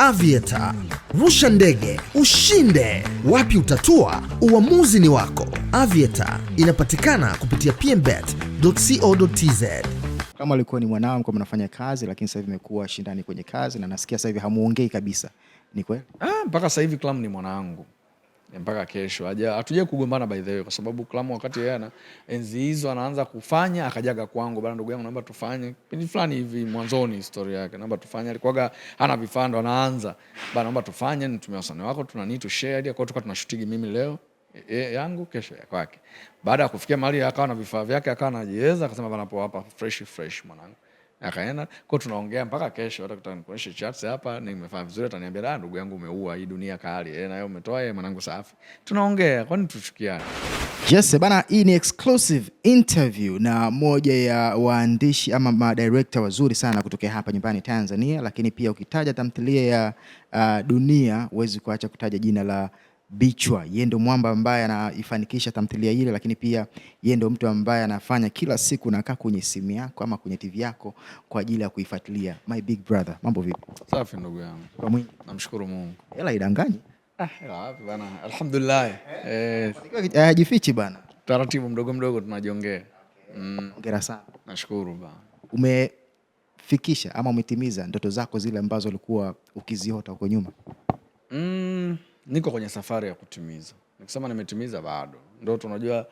Avieta, rusha ndege ushinde. Wapi utatua? Uamuzi ni wako. Avieta inapatikana kupitia pmbet.co.tz. Kama alikuwa ni mwanao mko mnafanya kazi, lakini sasa hivi imekuwa shindani kwenye kazi na nasikia sasa hivi hamuongei kabisa, ni kweli? Ah, mpaka sasa hivi Clam ni mwanangu. Eh, mpaka kesho. atuje kugombana by the way, kwa sababu Klamu wakati yeye ana enzi hizo anaanza kufanya, akajaga kwangu bana, ndugu yangu, naomba tufanye kipindi fulani hivi mwanzoni, historia yake, naomba tufanye. Alikuwaga hana vifando, anaanza bana, naomba tufanye, nitumie wasanii wako, tuna need to share hadi kwa tukawa tunashutigi mimi leo e, e, yangu kesho ya kwake. Baada ya kufikia mahali akawa na vifaa vyake akawa anajiweza, akasema bana, hapo hapa fresh fresh mwanangu akaenda kwa tunaongea mpaka kesho, hata kutaka nikuonyeshe chats hapa, nimefanya vizuri, ataniambia da, ndugu yangu umeua hii dunia kali, eh, nayo umetoa, yeye, eh, mwanangu safi. Tunaongea, kwani tuchukiane? Yes bana, hii ni exclusive interview na moja ya waandishi ama madirekta wazuri sana kutokea hapa nyumbani Tanzania, lakini pia ukitaja tamthilia ya uh, dunia huwezi kuacha kutaja jina la Bichwa, yeye ndo mwamba ambaye anaifanikisha tamthilia ile, lakini pia yeye ndo mtu ambaye anafanya kila siku nakaa kwenye simu yako ama kwenye TV yako kwa ajili ya kuifuatilia. My big brother, mambo vipi? Safi ndugu yangu. Kwa mwingi. Namshukuru Mungu. Hela idanganye. Ah, hela wapi bana? Alhamdulillah. Eh. eh hajifichi bana. Taratibu mdogo mdogo tunajiongea. Mm. Hongera sana. Nashukuru bana. Umefikisha ama umetimiza ndoto zako zile ambazo ulikuwa ukiziota huko nyuma? Mm niko kwenye safari ya kutimiza. Nikisema nimetimiza bado, ndoto unajua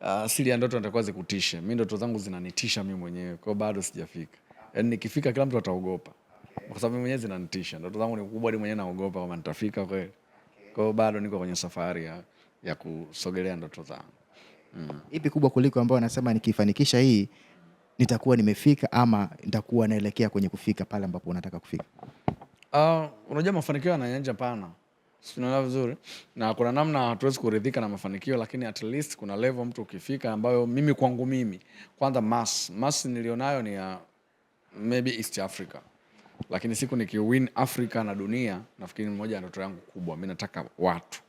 ah, asili uh, ya ndoto natakuwa zikutishe. Mi ndoto zangu zinanitisha mi mwenyewe, kwao bado sijafika. Yani nikifika kila mtu ataogopa, kwa sababu mi mwenyewe zinanitisha. Ndoto zangu ni kubwa, ni mwenyewe naogopa kama nitafika kweli. Kwao bado niko kwenye safari ya, ya kusogelea ndoto zangu mm. Ipi kubwa kuliko ambayo anasema nikifanikisha hii nitakuwa nimefika ama nitakuwa naelekea kwenye kufika pale ambapo unataka kufika? Uh, unajua mafanikio yana nyanja pana sinaona vizuri na kuna namna hatuwezi kuridhika na mafanikio, lakini at least kuna level mtu ukifika, ambayo mimi kwangu mimi kwanza mas mas nilionayo ni ya maybe East Africa, lakini siku nikiwin Africa na dunia, nafikiri mmoja ya ndoto yangu kubwa. Mimi nataka watu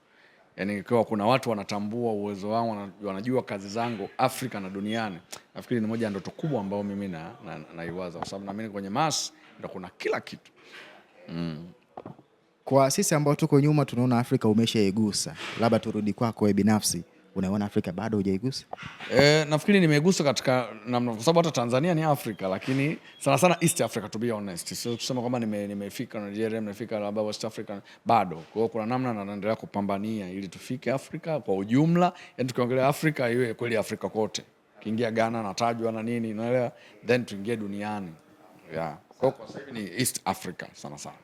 yani, ikiwa kuna watu wanatambua uwezo wangu, wanajua kazi zangu Afrika na duniani, nafikiri ni moja ya ndoto kubwa ambayo mimi naiwaza na, na, na kwa sababu naamini kwenye mas ndo kuna kila kitu mm. Kwa sisi ambao tuko nyuma tunaona Afrika umeshaigusa, labda turudi kwako wewe binafsi, unaona Afrika bado hujaigusa? E, nafikiri nimegusa katika namna, kwa sababu hata Tanzania ni Afrika, lakini sana sana East Africa, to be honest, so, kusema kwamba nime, nimefika Nigeria, nimefika labda West Africa bado. Kwa hiyo kuna namna na naendelea kupambania ili tufike Afrika kwa ujumla, yani tukiongelea Afrika iwe kweli Afrika kote, kiingia Ghana natajwa na nini, unaelewa, then tuingie duniani yeah. Kwa hiyo kwa sasa ni East Africa sana sana.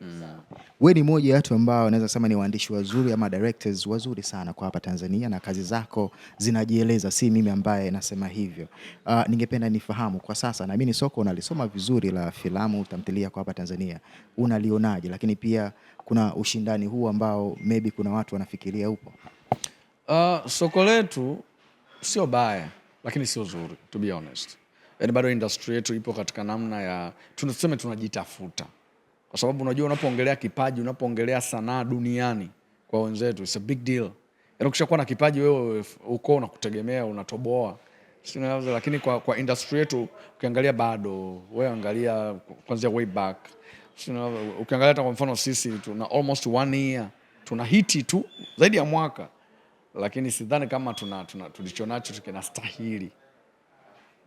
Mm. We ni moja ya watu ambao naweza sema ni waandishi wazuri ama directors wazuri sana kwa hapa Tanzania na kazi zako zinajieleza, si mimi ambaye nasema hivyo. Uh, ningependa nifahamu kwa sasa, na mimi soko unalisoma vizuri la filamu tamthilia kwa hapa Tanzania, unalionaje? Lakini pia kuna ushindani huu ambao maybe kuna watu wanafikiria upo. Uh, soko letu sio baya, lakini sio zuri to be honest. Yaani bado industry yetu ipo katika namna ya tunaseme tunajitafuta kwa sababu unajua unapoongelea kipaji, unapoongelea sanaa duniani kwa wenzetu it's a big deal. Yaani ukishakuwa na kipaji wewe uko unakutegemea, unatoboa Sinaweza, lakini kwa, kwa industry yetu ukiangalia bado we angalia kwanzia way back. Ukiangalia hata kwa mfano sisi tuna almost one year tuna hiti tu zaidi ya mwaka, lakini sidhani kama tuna, tuna tulichonacho tukinastahili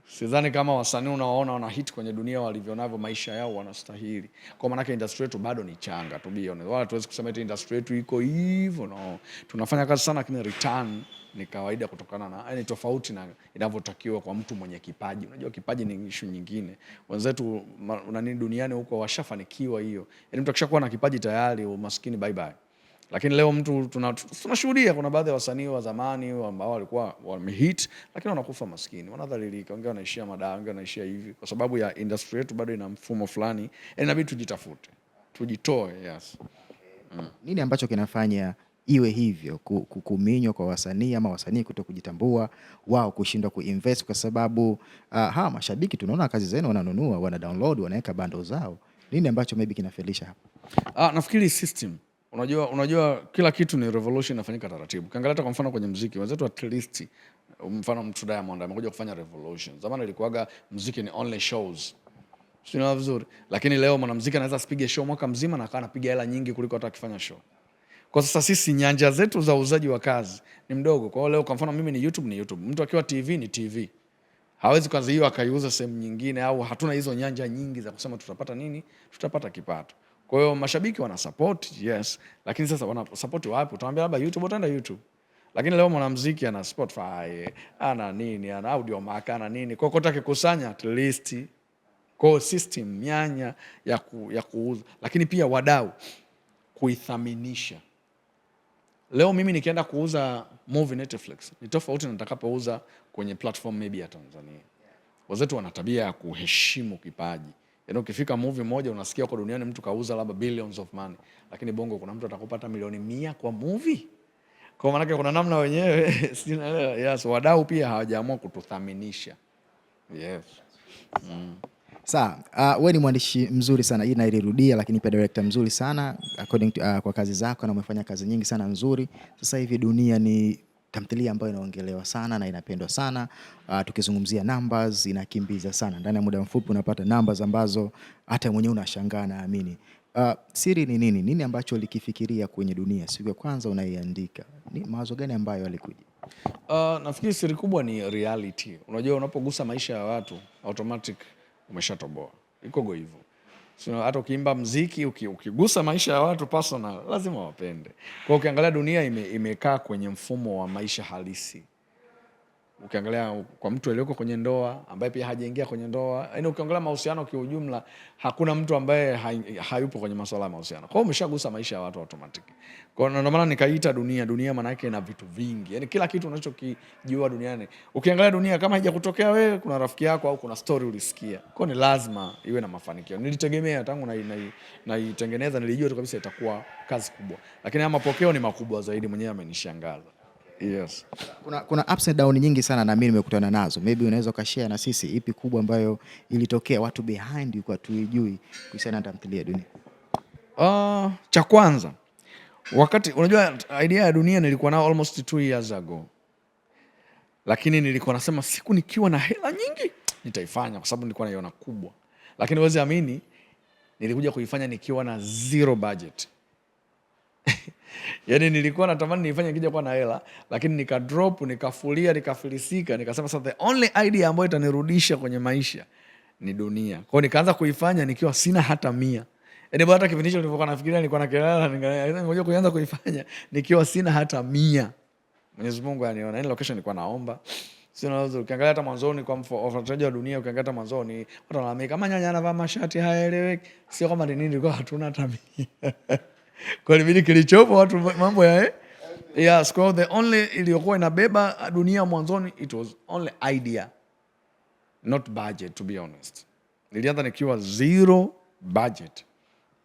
Sidhani kama wasanii unaoona wana hit kwenye dunia walivyonavyo maisha yao wanastahili. Kwa maana yake industry yetu bado ni changa to Wala tuwezi kusema eti industry yetu iko hivyo no. Tunafanya kazi sana lakini return ni kawaida kutokana na yani, tofauti na inavyotakiwa kwa mtu mwenye kipaji. Unajua kipaji ni issue nyingine. Wenzetu nani duniani huko washafanikiwa hiyo. Yaani mtu akishakuwa na kipaji tayari umaskini bye bye. Lakini leo mtu tunashuhudia kuna baadhi ya wasanii wa zamani ambao walikuwa wamehit, lakini wanakufa maskini, wanadhalilika, wengine wanaishia madawa, wengine wanaishia hivi, kwa sababu ya industry yetu bado ina mfumo fulani, inabidi tujitafute, tujitoe. Yes. Mm. Nini ambacho kinafanya iwe hivyo, kuminywa kwa wasanii ama wasanii kuto kujitambua wao kushindwa kuinvest? Kwa sababu uh, hawa mashabiki tunaona kazi zenu wananunua, wana download, wanaweka bando zao. Nini ambacho maybe kinafelisha hapo? Ah, nafikiri system Unajua, unajua kila kitu ni revolution inafanyika taratibu. Kiangalia hata kwa mfano kwenye mziki wenzetu, at least mfano mtu Diamond amekuja kufanya revolution. Zamani ilikuwaga mziki ni only shows, sio vizuri, lakini leo mwanamuziki anaweza asipige show mwaka mzima na akawa anapiga hela nyingi kuliko hata akifanya show. Kwa sasa sisi nyanja zetu za uzaji wa kazi ni mdogo. Kwa leo kwa mfano mimi ni YouTube, ni YouTube, mtu akiwa TV ni TV, hawezi kwanza hiyo akaiuza sehemu nyingine, au hatuna hizo nyanja nyingi za kusema tutapata nini, tutapata kipato. Kwa hiyo mashabiki wana support, yes, lakini sasa wana support wapi? Utamwambia labda YouTube, utaenda YouTube. Lakini leo mwanamuziki ana Spotify, ana nini, ana Audio Mac, ana nini. Kwa kota kikusanya at least kwa system nyanya ya ku, ya kuuza, lakini pia wadau kuithaminisha. Leo mimi nikienda kuuza movie Netflix ni tofauti na nitakapouza kwenye platform maybe ya Tanzania. Wazetu wana tabia ya kuheshimu kipaji. Yaani ukifika movie moja unasikia kwa duniani mtu kauza labda billions of money. Lakini Bongo kuna mtu atakupata milioni mia kwa movie. Kwa maana kuna namna wenyewe sinaelewa. Yes, wadau pia hawajaamua kututhaminisha. Yes. Mm. Sawa, uh, ah, we ni mwandishi mzuri sana, hii nailirudia, lakini pia director mzuri sana according to, uh, kwa kazi zako na umefanya kazi nyingi sana nzuri. Sasa hivi dunia ni tamthilia ambayo inaongelewa sana na inapendwa sana uh, tukizungumzia numbers inakimbiza sana ndani ya muda mfupi unapata numbers ambazo hata mwenyewe unashangaa naamini. Uh, ah, siri ni nini? Nini ambacho ulikifikiria kwenye dunia siku ya kwanza unaiandika? Ni mawazo gani ambayo alikuja Uh, ah, nafikiri siri kubwa ni reality. Unajua unapogusa maisha ya watu automatic umeshatoboa. Ikogo hivyo hata ukiimba mziki ukigusa maisha ya watu personal lazima wapende. Kwa ukiangalia dunia ime, imekaa kwenye mfumo wa maisha halisi ukiangalia kwa mtu aliyoko kwenye ndoa ambaye pia hajaingia kwenye ndoa, yaani ukiangalia mahusiano kwa ujumla, hakuna mtu ambaye hayupo kwenye masuala ya mahusiano. Kwa hiyo umeshagusa maisha ya watu automatic. Kwa hiyo ndio maana nikaita dunia dunia, maana yake ina vitu vingi, yaani kila kitu unachokijua duniani. Ukiangalia dunia kama haijakutokea wewe, kuna rafiki yako au kuna story ulisikia. Kwa hiyo ni lazima iwe na mafanikio. Nilitegemea tangu na naitengeneza, nilijua tu kabisa itakuwa kazi kubwa, lakini haya mapokeo ni makubwa zaidi, mwenyewe amenishangaza. Yes. Kuna, kuna ups and down nyingi sana na mimi nimekutana nazo, maybe unaweza ukashare na sisi, ipi kubwa ambayo ilitokea watu behind kwa tuijui kuhusiana na tamthilia Dunia? Uh, cha kwanza wakati unajua idea ya Dunia nilikuwa nao almost two years ago, lakini nilikuwa nasema siku nikiwa na hela nyingi nitaifanya kwa sababu nilikuwa naiona kubwa, lakini huwezi amini nilikuja kuifanya nikiwa na zero budget yani nilikuwa natamani nifanye kija kuwa na hela, lakini nika drop, nikafulia, nikafilisika, nikasema sasa the only idea ambayo itanirudisha kwenye maisha ni dunia. Kwa hiyo nikaanza kuifanya nikiwa sina hata mia. yani bado hata kipindi hicho nilivyokuwa nafikiria nilikuwa na kelala, yaani ngoja kuanza kuifanya nikiwa sina hata mia. Mwenyezi Mungu aniona. yani location nilikuwa naomba. sio wazo. Ukiangalia hata mwanzoni kwa wafuatiliaji wa dunia, ukiangalia hata mwanzoni watu wanalalamika, kama nyanya anavaa mashati hayaeleweki. Sio kama ni nini, ilikuwa hatuna hata mia. Kwa nini kilichopo watu mambo ya eh? Yes, kwa the only iliyokuwa inabeba dunia mwanzoni it was only idea. Not budget to be honest. Nilianza nikiwa zero budget.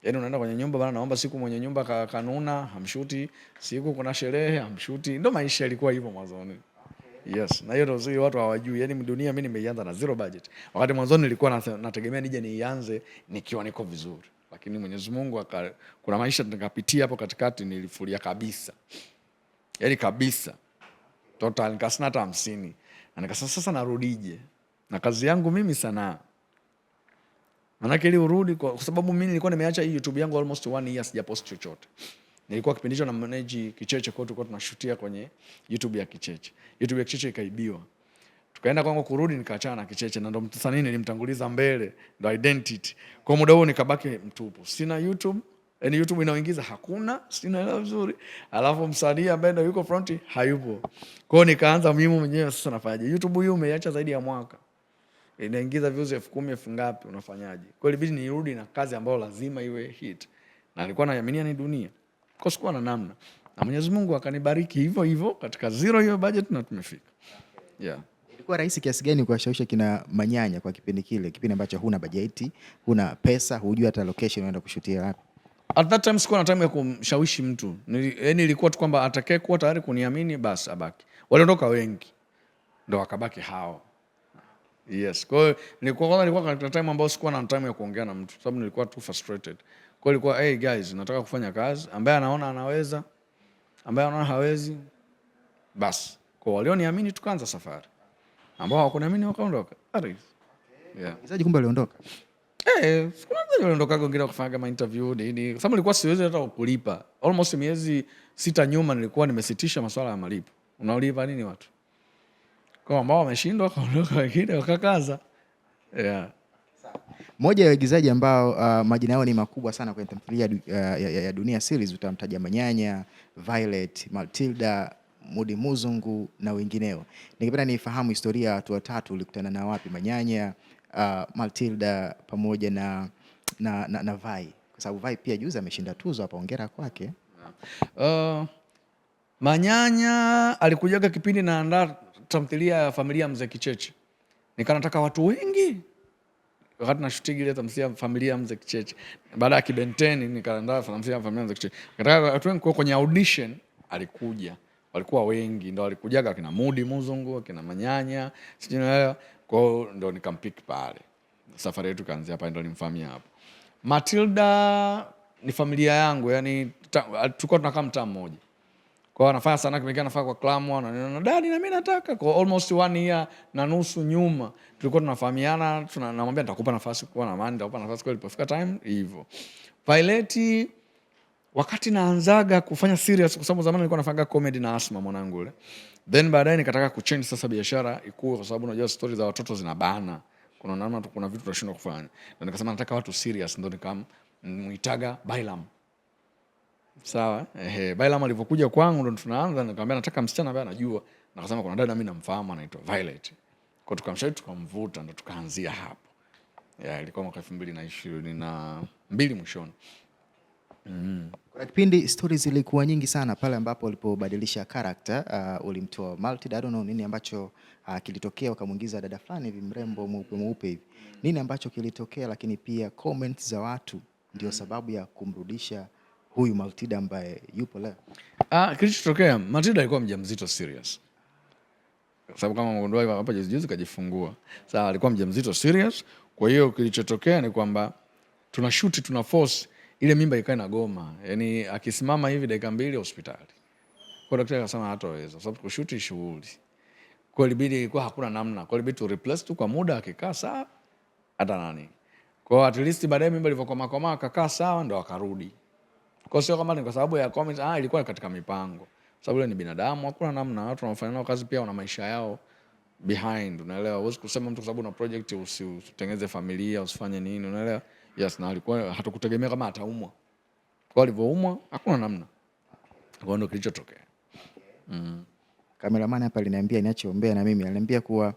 Yaani unaenda kwenye nyumba bana, naomba siku mwenye nyumba ka, kanuna hamshuti, siku kuna sherehe hamshuti. Ndio maisha yalikuwa hivyo mwanzoni. Yes, na hiyo ndio watu hawajui. Yaani dunia mimi nimeianza na zero budget. Wakati mwanzoni nilikuwa nategemea nije nianze nikiwa niko vizuri lakini Mwenyezi Mungu aka, kuna maisha nikapitia hapo katikati nilifuria kabisa, yaani kabisa total, nikasina hata hamsini na nikasema sasa narudije na kazi yangu mimi sanaa Manake ili urudi kwa sababu mimi nilikuwa nimeacha hii YouTube yangu almost one year sijapost chochote. Nilikuwa kipindicho na manage Kicheche kwa tulikuwa tunashutia kwenye YouTube ya Kicheche. YouTube ya Kicheche ikaibiwa tukaenda kwangu kurudi nikaachana na Kicheche na ndo msanii nilimtanguliza mbele, ndo identity. Kwa muda huo nikabaki mtupu, sina YouTube, yani YouTube inaoingiza hakuna, sina hela nzuri, alafu msanii ambaye ndo yuko front hayupo. kwao nikaanza mimi mwenyewe sasa, nafanyaje? YouTube hiyo umeiacha zaidi ya mwaka, inaingiza views elfu kumi elfu ngapi, unafanyaje? kwao hiyo ilibidi nirudi na kazi ambayo lazima iwe hit, na alikuwa naaminia ni dunia, kwa sikuwa na namna, na Mwenyezi Mungu akanibariki hivyo hivyo katika zero hiyo budget na tumefika, yeah ilikuwa rahisi kiasi gani kuwashawisha kina Manyanya kwa kipindi kile, kipindi ambacho huna bajeti, huna pesa, hujui hata location unaenda kushutia wapi? At that time sikuwa na time ya kumshawishi mtu, yaani ilikuwa tu kwamba atakaye kuwa tayari kuniamini basi abaki. Waliondoka wengi, ndo wakabaki hao. Yes, kwa hiyo nilikuwa kwanza, nilikuwa katika time ambayo sikuwa na time ya kuongea na mtu, sababu nilikuwa too frustrated. Kwa hiyo ilikuwa hey guys, nataka kufanya kazi, ambaye anaona anaweza, ambaye anaona hawezi, basi kwa walioniamini tukaanza safari ambao hawakuniamini wakaondoka. Mchezaji kumbe aliondoka. Eh, siku moja aliondoka wengine wakafanya ma interview nini. Kwa nilikuwa siwezi hata kulipa. Almost miezi sita nyuma nilikuwa nimesitisha masuala ya malipo. Unaolipa nini watu? Kwa ambao wameshindwa kaondoka wengine wakakaza. Yeah. Moja ya waigizaji ambao uh, majina yao ni makubwa sana kwenye tamthilia uh, ya, ya Dunia Series utamtaja Manyanya, Violet, Matilda Mudi Muzungu na wengineo. Ningependa nifahamu historia watu watatu, ulikutana na wapi? Manyanya, uh, Matilda pamoja na, na, na, na Vai, kwa sababu Vai pia juzi ameshinda tuzo hapa, hongera kwake. Uh, Manyanya alikujaga kipindi naandaa tamthilia ya familia Mzee Kicheche, nikanataka watu wengi wakati na nashutigi ile tamthilia familia Mzee Kicheche baada ya Kibenteni, nikaandaa tamthilia familia Mzee Kicheche, nikataka watu wengi. kwenye audition alikuja walikuwa wengi, ndo walikujaga kina Mudi Muzungu, kina Manyanya, sijui naelewa kwao, ndo nikampiki pale. Safari yetu kaanzia pale, ndo nimfahamia hapo. Matilda ni familia yangu, yani tulikuwa tunakaa mtaa mmoja kwa anafanya sana kimekana anafanya kwa klamu na dadi na mimi nataka kwa almost one year na nusu nyuma tulikuwa tunafahamiana, tunamwambia nitakupa nafasi kwa na amani, nitakupa nafasi kwa ilipofika time hivyo. Violet wakati naanzaga kufanya serious, kwa sababu zamani nilikuwa nafanya comedy na Asma mwanangu yule, then baadaye nikataka kuchange sasa biashara ikue, kwa sababu unajua story za watoto zinabana, kuna namna, kuna vitu tunashindwa kufanya, na nikasema nataka watu serious, ndio nikamuitaga Bailam. Sawa, ehe, Bailam alivyokuja kwangu ndio tunaanza, nikamwambia nataka msichana ambaye anajua, nakasema kuna dada mimi namfahamu anaitwa Violet, kwa tukamshauri, tukamvuta, ndio tukaanzia hapo. Ya, ilikuwa mwaka 2022 mwishoni. Mm. Kuna kipindi stori zilikuwa nyingi sana pale ambapo ulipobadilisha karakta uh, ulimtoa Malti, I don't nini ambacho uh, kilitokea, ukamwingiza dada fulani hivi mrembo mweupe mweupe hivi. Nini ambacho kilitokea? Lakini pia comments za watu ndio sababu ya kumrudisha huyu Maltida ambaye yupo leo. Ah, kilichotokea Maltida alikuwa mjamzito serious. Kwa sababu kama mgundua hapa juzi juzi kajifungua. Sasa alikuwa mjamzito serious, kwa hiyo kilichotokea ni kwamba tuna tunashuti tuna force ile mimba ikae na goma, yaani akisimama hivi dakika mbili hospitali. Kwa daktari akasema hataweza sababu kushuti shughuli. Kwa libidi, ilikuwa hakuna namna. Kwa libidi tu replace tu kwa muda akikaa sawa hata nani. Kwa at least baadaye mimba ilivyokomaa komaa akakaa sawa ndo akarudi. Kwa sio kama ni kwa sababu ya comments, ah, ilikuwa katika mipango. Sababu ile ni binadamu, hakuna namna. Watu wanafanya nao kazi pia wana maisha yao behind, unaelewa? Huwezi kusema mtu kwa sababu una project usitengeze familia, usifanye nini, unaelewa? Yes, na alikuwa hatakutegemea kama ataumwa. Kwa alivyoumwa hakuna namna. Kwa ndio kilichotokea. Mm. Kameramani hapa aliniambia niacheombea na mimi aliniambia kuwa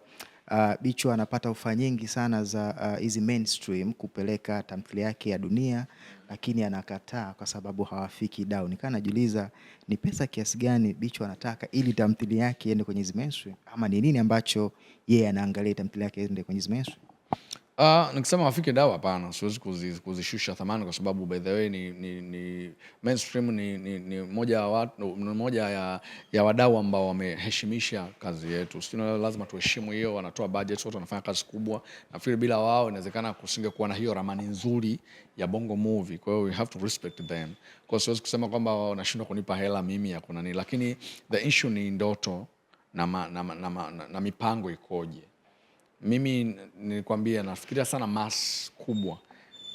uh, Bichwa anapata ofa nyingi sana za uh, hizi uh, mainstream kupeleka tamthilia yake ya dunia, lakini anakataa kwa sababu hawafiki dau. Nikaa najiuliza ni pesa kiasi gani Bichwa anataka ili tamthilia yake iende kwenye hizi mainstream, ama ni nini ambacho yeye yeah, anaangalia tamthilia yake iende kwenye hizi mainstream? Uh, nikisema wafike dawa hapana, siwezi kuzishusha thamani kwa sababu by the way ni, ni, ni mainstream ni, ni, ni moja, wa, moja ya, ya wadau ambao wameheshimisha kazi yetu, si lazima tuheshimu hiyo. Wanatoa budget, wote wanafanya kazi kubwa. Nafikiri bila wao inawezekana kusingekuwa na hiyo ramani nzuri ya Bongo Movie, kwa hiyo we have to respect them. Kwa siwezi kusema kwamba wanashindwa kunipa hela mimi ya kunani, lakini the issue ni ndoto na, ma, na, na, na, na, na mipango ikoje mimi nilikwambia nafikiria sana mas kubwa,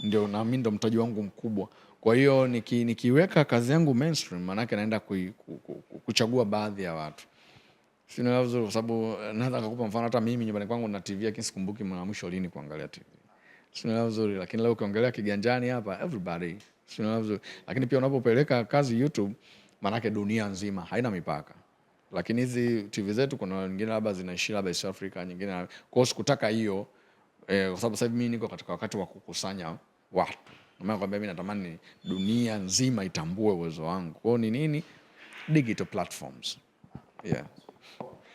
ndio na mimi ndo mtaji wangu mkubwa. Kwa hiyo niki, nikiweka kazi yangu mainstream, maanake naenda ku, ku, ku, ku, kuchagua baadhi ya watu sinaelewa kwa sababu eh, naweza kukupa mfano. Hata mimi nyumbani kwangu na TV, lakini sikumbuki mwana mwisho lini kuangalia TV. Sinaelewa vizuri, lakini leo ukiongelea kiganjani hapa everybody, sinaelewa vizuri. Lakini pia unapopeleka kazi YouTube, maanake dunia nzima haina mipaka lakini hizi TV zetu kuna nyingine labda zinaishi labda East Africa, nyingine kwa hiyo sikutaka hiyo eh, kwa sababu sasa hivi mimi niko katika wakati wa kukusanya watu. Maana kwamba mimi natamani dunia nzima itambue uwezo wangu. Kwa hiyo ni nini? Digital platforms. Yeah.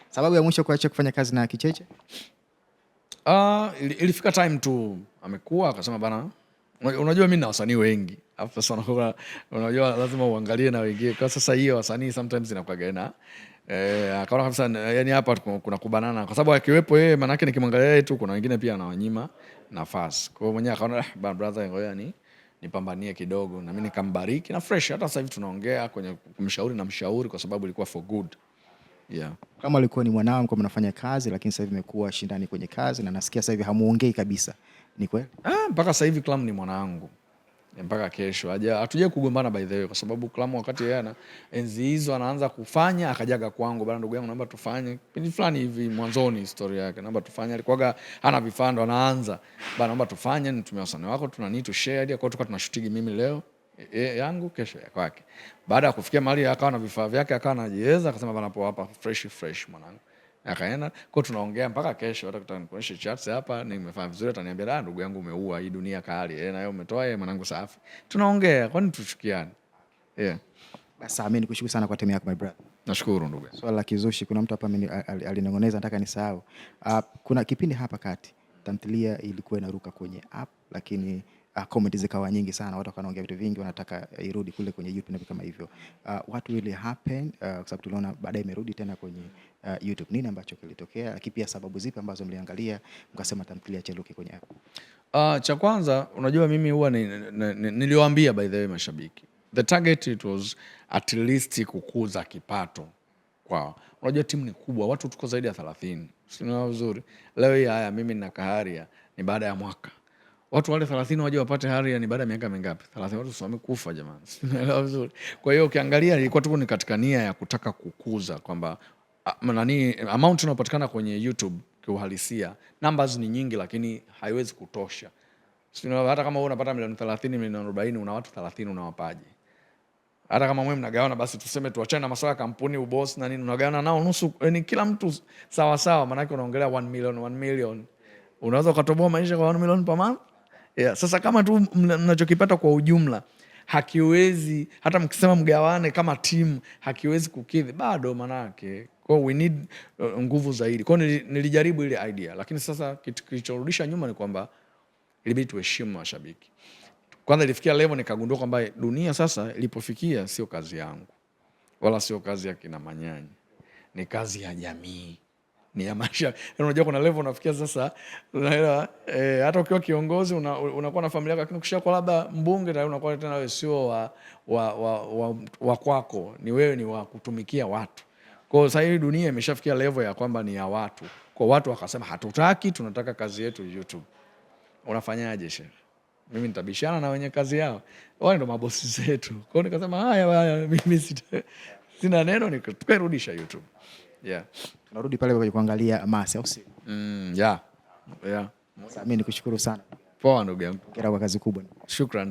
Sababu ya mwisho kuacha kufanya kazi na Kicheche? Ah, uh, ilifika time tu amekuwa akasema bana, unajua mimi na wasanii wengi alafu sasa, unajua lazima uangalie na wengine. Kwa sasa hiyo wasanii sometimes inakuwa gaina E, akaona kabisa yani hapa kuna kubanana kwa sababu akiwepo yeye manake yake nikimwangalia tu kuna wengine pia anawanyima nafasi. Kwa hiyo mwenyewe akaona ah, brother ngoja ni nipambanie kidogo na mimi nikambariki na fresh hata sasa hivi tunaongea kwenye kumshauri na mshauri kwa sababu ilikuwa for good. Yeah. Kama alikuwa ni mwanao mko mnafanya kazi lakini sasa hivi imekuwa shindani kwenye kazi na nasikia sasa hivi hamuongei kabisa. Ni kweli? Ah, mpaka sasa hivi Clam ni mwanangu. Eh, mpaka kesho. Hatujawahi kugombana by the way, kwa sababu Clamo wakati yeye ana enzi hizo anaanza kufanya, akajaga kwangu, bana, ndugu yangu, naomba tufanye kipindi fulani hivi, mwanzoni historia yake, naomba tufanye. Alikuwaga hana vifaa, ndo anaanza, bana, naomba tufanye, nitumie wasanii wako, tuna need to share idea. Kwa hiyo tukawa tunashutigi mimi leo E, yangu kesho ya kwake. Baada ya kufikia mahali akawa na vifaa vyake akawa anajiweza, akasema bana, poa hapa fresh fresh mwanangu akaenda kwa tunaongea mpaka kesho, hata kutanikuonyesha charts hapa, nimefanya vizuri, ataniambia da, ah, ndugu yangu umeua hii dunia kali, eh, na yeye umetoa, yeye mwanangu safi, tunaongea, kwani tuchukiane? Yeah, basi mimi nikushukuru sana kwa time yako my brother. Nashukuru ndugu. Swala la kizushi, kuna mtu hapa alinong'oneza, nataka nisahau. Uh, kuna kipindi hapa kati tamthilia ilikuwa inaruka kwenye app lakini uh, comment zikawa nyingi sana, watu wakaongea vitu vingi, wanataka irudi kule kwenye YouTube na kama hivyo. Uh, what will happen uh, kwa sababu tuliona baadaye imerudi tena kwenye uh, YouTube. Nini ambacho kilitokea, lakini pia sababu zipi ambazo mliangalia mkasema tamthilia cheluki kwenye app? Uh, cha kwanza unajua mimi huwa ni, ni, ni, niliwaambia by the way mashabiki the target it was at least kukuza kipato kwao. Unajua timu ni kubwa, watu tuko zaidi ya 30 sio vizuri. Leo hii haya mimi nina kaharia ni baada ya mwaka watu wale thelathini waje wapate hari ni baada ya miaka mingapi? Thelathini, watu wamekufa jamani, unaelewa vizuri. Kwa hiyo ukiangalia ilikuwa tu ni katika nia ya kutaka kukuza kwamba ah, nani amount inayopatikana kwenye YouTube kiuhalisia, numbers ni nyingi, lakini haiwezi kutosha. Hata kama wewe unapata milioni 30 milioni 40, una watu 30 unawapaje? Hata kama mwe mnagawana, basi tuseme tuachane na masuala ya kampuni, uboss na nini, unagawana nao nusu, yani kila mtu sawa sawa, maanake unaongelea 1 million 1 million, unaweza ukatoboa maisha kwa 1 million per month yeah. Sasa kama tu mnachokipata kwa ujumla hakiwezi hata mkisema mgawane kama timu hakiwezi kukidhi bado, manake kwao we need uh, nguvu zaidi kwao. Nilijaribu ile idea, lakini sasa kitu kilichorudisha nyuma ni kwamba ilibidi tuheshimu mashabiki kwanza. Ilifikia level nikagundua kwamba dunia sasa ilipofikia, sio kazi yangu wala sio kazi ya kina Manyanya, ni kazi ya jamii ni ya maisha. Yaani unajua kuna level unafikia sasa, unaelewa eh, hata ukiwa kiongozi unakuwa una, una na familia yako, lakini kwa labda mbunge tayari unakuwa tena wewe sio wa wa, wa, wa wa kwako, ni wewe ni wa kutumikia watu. Kwa hiyo sasa hii dunia imeshafikia level ya kwamba ni ya watu, kwa watu wakasema hatutaki, tunataka kazi yetu YouTube. Unafanyaje shehe? Mimi nitabishana na wenye kazi yao, wale ndo mabosi zetu. Kwa hiyo nikasema haya haya, mimi sina neno, nikarudisha YouTube yeah tunarudi pale kwa kuangalia Mars au si? Mm, yeah. Yeah. Sasa mimi nikushukuru sana. Poa ndugu yangu. Hongera kwa kazi kubwa. Shukrani.